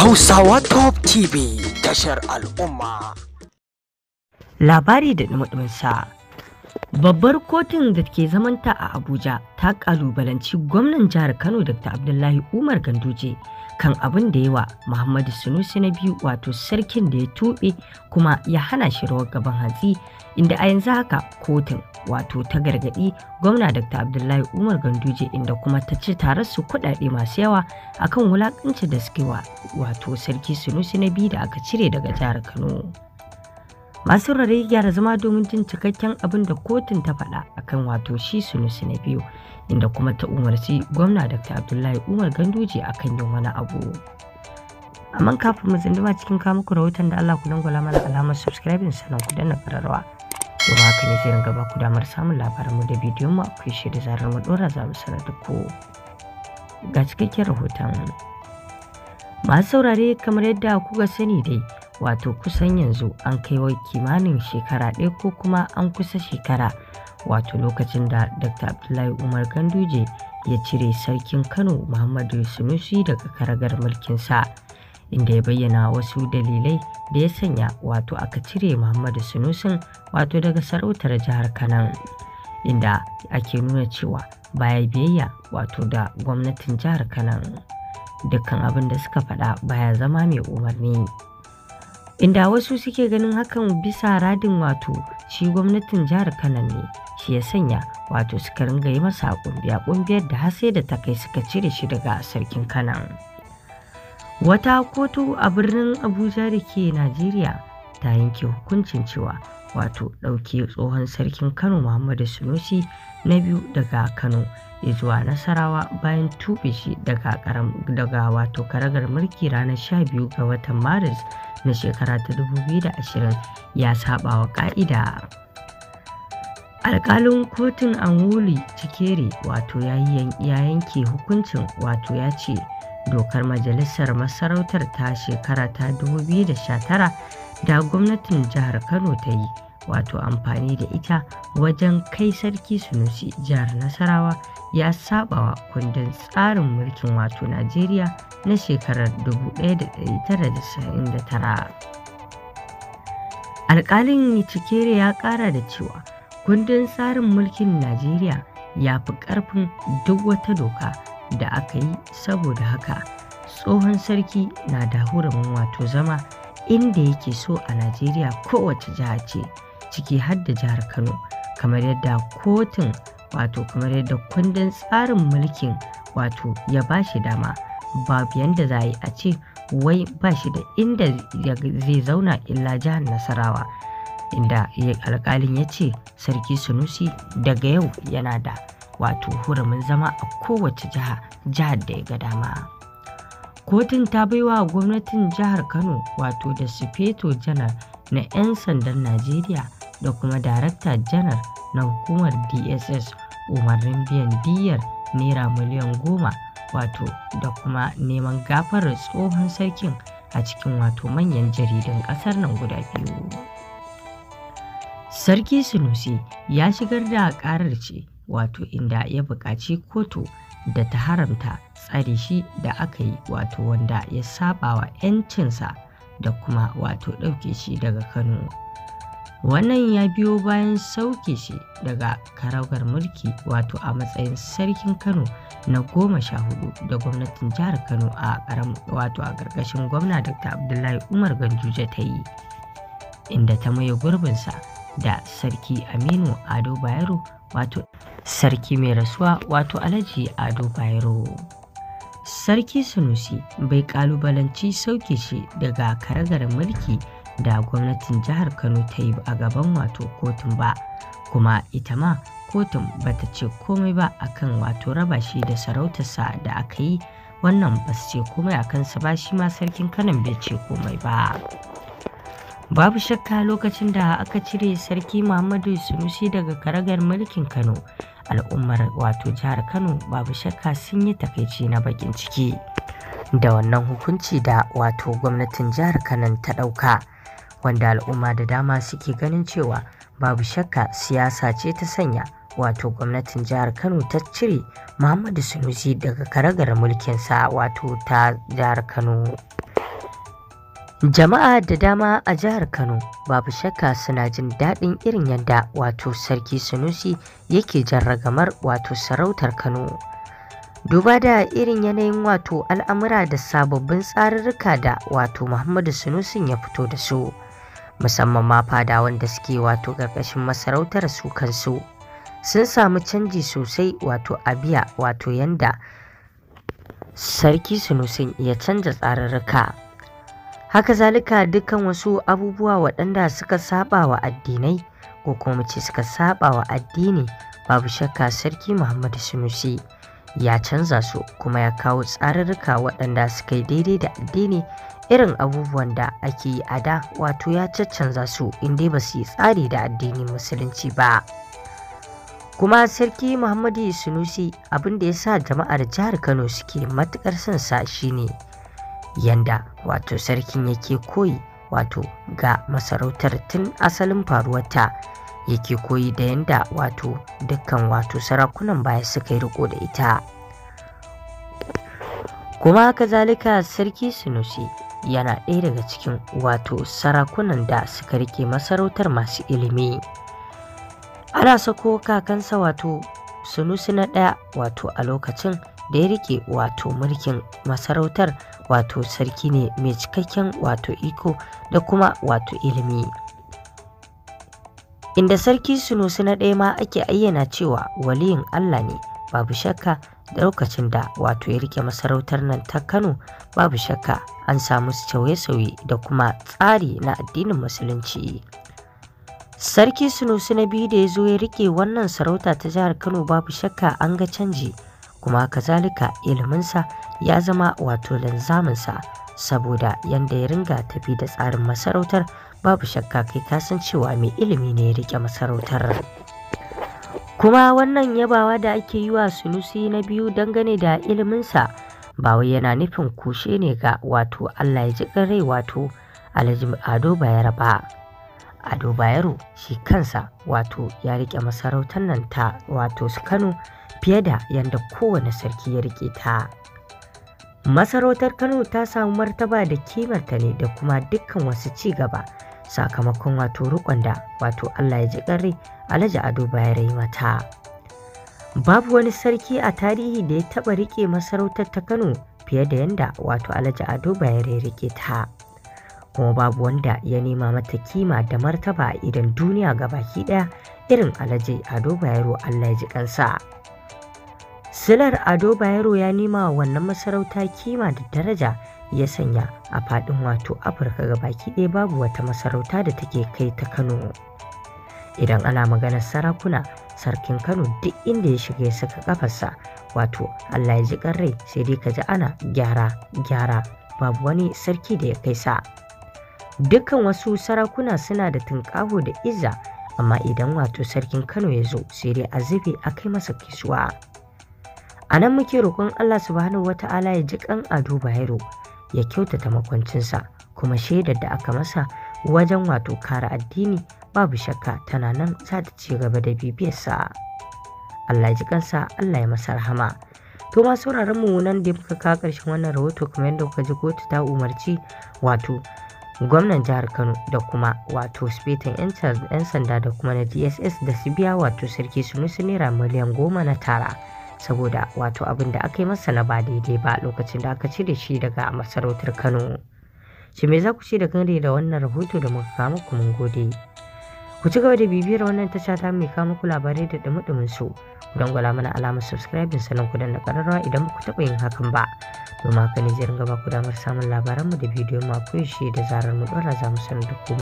Hausawa Top TV tashar al'umma. Labari da sa Babbar kotun da ke zamanta a Abuja ta kalubalanci gwamnan jihar Kano Dr. Abdullahi Umar Ganduje kan abin da yawa Muhammadu Sunusi na biyu wato sarkin da ya tuɓe kuma ya hana shi rawar gaban hatsi, inda a yanzu haka kotun wato ta gargaɗi gwamna Dr. Abdullahi Umar Ganduje inda kuma ta ce tare su kuɗaɗe masu yawa akan wulaƙancin da suke wato sarki Sunusi na biyu da aka cire daga jihar Kano. masu rare gyara zama domin jin cikakken abin da kotun ta faɗa akan wato shi sunusi na biyu inda kuma ta umarci gwamna dr abdullahi umar ganduje akan yin wani abu amma kafin mu zinduma cikin ku rahoton da allah ku dangwala mana alamar subscribing sannan ku danna kararrawa domin haka ne zai ringa ba ku damar samun labaran mu da bidiyon mu akwai shi da zarar mu dora za mu sanar da ku ga cikakken rahoton masu saurare kamar yadda kuka sani dai wato kusan yanzu an kai wa kimanin shekara ɗaya ko kuma an kusa shekara wato lokacin da dr abdullahi umar ganduje ya cire sarkin kano muhammadu sunusi daga karagar mulkinsa inda ya bayyana wasu dalilai da ya sanya wato aka cire muhammadu sunusin wato daga sarautar jihar kano inda ake nuna cewa baya biyayya wato da gwamnatin jihar kano dukkan abin da suka faɗa baya zama mai umarni inda wasu suke ganin hakan bisa radin wato shi gwamnatin jihar kano ne shi ya sanya wato suka ringa yi masa kungiya ƙungiyar da har da ta kai suka cire shi daga sarkin kanan wata kotu a birnin abuja da ke najeriya ta yanke hukuncin cewa wato ɗauke tsohon sarkin kano muhammadu sunusi na biyu daga kano ya zuwa nasarawa bayan tuɓe shi daga wato karagar mulki ranar 12 ga watan maris na shekara ta 2020 ya saba wa ƙa'ida. Alƙalin kotun anguli cikere wato ya yanke hukuncin wato ya ce dokar majalisar masarautar ta shekara ta 2019 da gwamnatin jihar kano ta yi wato amfani da ita wajen kai sarki Sunusi jihar Nasarawa ya saɓawa kundin tsarin mulkin wato Najeriya na shekarar 1999. Alƙalin cikere ya ƙara da cewa kundin tsarin mulkin Najeriya ya fi ƙarfin duk wata doka da aka yi saboda haka tsohon sarki na da hurumin wato zama inda yake so a Najeriya kowace jiha ce. ciki har da jihar Kano kamar yadda kotun wato kamar yadda kundin tsarin mulkin wato ya ba shi dama babu yadda za yi a ce wai ba shi da inda zai zauna illa jihar Nasarawa inda alkalin ya ce sarki Sunusi daga yau yana da wato hurumin zama a kowace jiha jihar da ya ga dama. kotun ta baiwa gwamnatin jihar kano wato da sufeto janar na 'yan sandan najeriya da kuma Darakta Janar na Hukumar DSS umarnin biyan diyyar Naira miliyan goma wato da kuma neman gafarar tsohon sarkin a cikin wato manyan jaridan ƙasar nan guda biyu. Sarki Sunusi ya shigar da ƙarar ce wato inda ya buƙaci kotu da ta haramta tsari shi da aka yi wato wanda ya saba wa 'yancinsa da kuma wato ɗauke shi daga Kano. wannan ya biyo bayan sauke shi daga karagar mulki wato a matsayin sarkin kano na goma sha hudu da gwamnatin jihar kano a wato a ƙarƙashin gwamna dr abdullahi umar ganjuje ta yi inda ta maye gurbinsa da sarki aminu ado bayero wato sarki mai rasuwa wato alhaji ado bayero sarki Sanusi bai kalubalanci sauke shi daga karagar mulki da gwamnatin jihar Kano ta yi a gaban wato kotun ba kuma ita ma kotun ba ta ce komai ba akan wato raba shi da sarautarsa da aka yi wannan ba su ce komai a kansa ba shi ma sarkin kanan bai ce komai ba babu shakka lokacin da aka cire sarki muhammadu sunusi daga karagar mulkin kano al'ummar wato jihar kano babu shakka sun yi takaici na bakin ciki da wannan hukunci da wato gwamnatin jihar kano ta ɗauka wanda al'umma da dama suke ganin cewa babu shakka siyasa ce ta sanya wato gwamnatin jihar kano ta cire muhammadu sanusi daga karagar mulkinsa wato ta jihar kano jama'a da dama a jihar kano babu shakka suna jin daɗin irin yadda wato sarki sanusi yake jan ragamar wato sarautar kano duba da irin yanayin wato al'amura da sababbin tsarurruka da wato muhammadu sanusin ya fito da su musamman ma fadawan da suke wato ƙarƙashin masarautar su kansu sun samu canji sosai wato a wato yanda sarki sunusin ya canza tsararruka haka zalika dukkan wasu abubuwa waɗanda suka saba wa addinai ko kuma ce suka saba wa addini babu shakka sarki muhammadu sunusi ya canza su kuma ya kawo tsararruka waɗanda suka yi daidai da addini irin abubuwan da ake yi a da wato ya caccanza su inda ba su yi tsari da addinin musulunci ba kuma sarki muhammadu sunusi abin da ya sa jama'ar jihar kano suke matukar son sa shine yanda wato sarkin yake koyi wato ga masarautar tun asalin faruwarta yake koyi da yanda wato dukkan wato sarakunan baya suka yi riko da ita kuma kazalika sarki sunusi yana ɗaya daga cikin wato sarakunan da suka rike masarautar masu ilimi ana sako kakansa wato sunusi na ɗaya wato a lokacin da ya rike wato mulkin masarautar wato sarki ne mai cikakken wato iko da kuma wato ilimi inda sarki sunusi na ɗaya ma ake ayyana cewa waliyin allah ne babu shakka lokacin da wato ya rike masarautar nan ta kano babu shakka an samu sauye-sauye da kuma tsari na addinin musulunci sarki sunusu na biyu da ya zo ya rike wannan sarauta ta jihar kano babu shakka an ga canji kuma kazalika iliminsa ya zama wato linzaminsa saboda yanda ya ringa tafi da tsarin masarautar babu shakka kai kasancewa mai ilimi ne ya rike masarautar kuma wannan yabawa da ake yi wa sunusi na biyu dangane da iliminsa ba wai yana nufin kushe ne ga wato allah ya ji rai wato alhaji ado bayar ba ado Bayaru shi kansa wato ya rike masarautar nan ta wato kano fiye da yadda kowane sarki ya rike ta masarautar kano ta samu martaba da kimarta ne da kuma dukkan wasu ci gaba sakamakon wato rukon da wato Allah ya ji ƙarri Alhaji Ado Bayero yi mata. Babu wani sarki a tarihi da ya taɓa riƙe masarautar ta Kano fiye da yanda wato Alhaji Ado Bayero ya riƙe ta. Kuma babu wanda ya nema mata kima da martaba a idan duniya ga baki ɗaya irin Alhaji Ado Bayero Allah ya ji kansa. Silar Ado Bayero ya nema wannan masarauta kima da daraja ya sanya a faɗin wato afirka ga baki ɗaya babu wata masarauta da take kai ta kano idan ana maganar sarakuna sarkin kano duk inda ya shiga ya saka ƙafarsa, wato allah ya ji rai sai dai ka ji ana gyara gyara babu wani sarki da ya kai sa dukkan wasu sarakuna suna da tunkaho da iza amma idan wato sarkin kano ya zo sai dai a zube a kai masa kisuwa a nan muke roƙon allah subhanahu Ta'ala ya ji kan ado bayero ya kyautata makwancinsa kuma shaidar da aka masa wajen wato kare addini babu shakka tana nan za ta ci gaba da bibiyarsa Allah ji kansa Allah ya masa rahama to ma sauraron mu nan da muka kawo ƙarshen wannan rahoto kuma yadda kuka ji kotu ta umarci wato gwamnan jihar kano da kuma wato spetan yan sanda da kuma na dss da su biya wato sarki su musu naira miliyan goma na tara saboda wato abin da aka yi masa na ba daidai ba lokacin da aka da shi daga masarautar Kano. Shi me za ku ce da gare da wannan rahoto da muka kama ku mun gode. Ku ci gaba da bibiyar wannan tasha ta mai kama ku labarai da dumudumin su. Ku dangwala mana alamar subscribing sannan ku danna kararrawa idan ba ku taɓa yin hakan ba. Domin haka ne zai ringa ba ku damar samun labaran mu da bidiyon mu a koyaushe da zarar mu ɗora za mu sanar da ku.